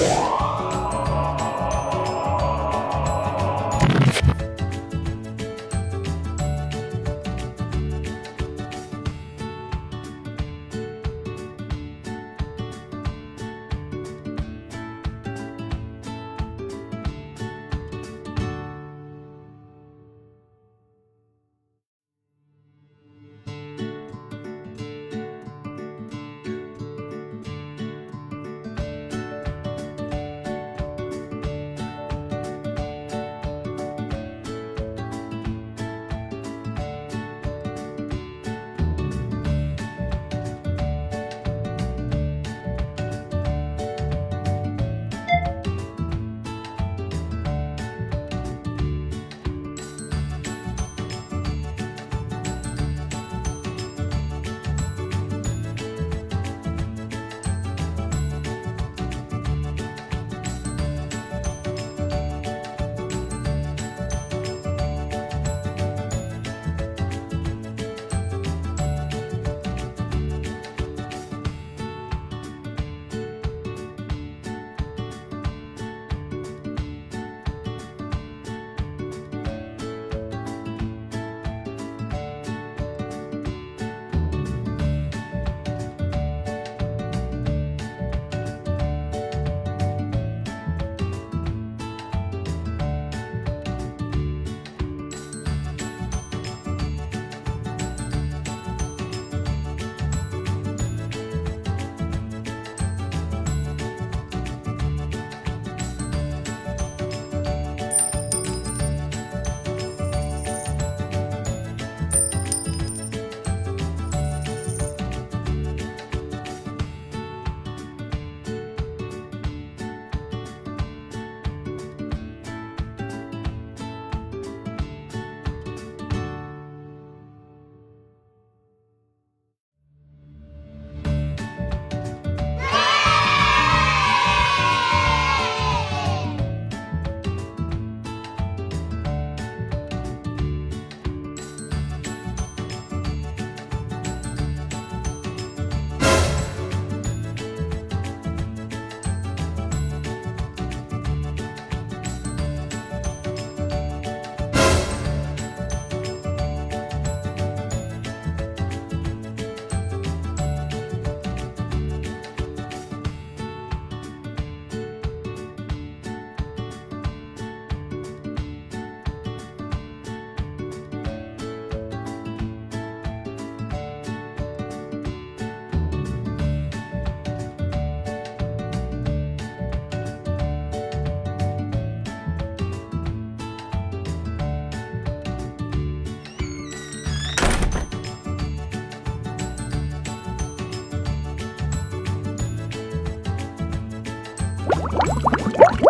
Yeah. Woo!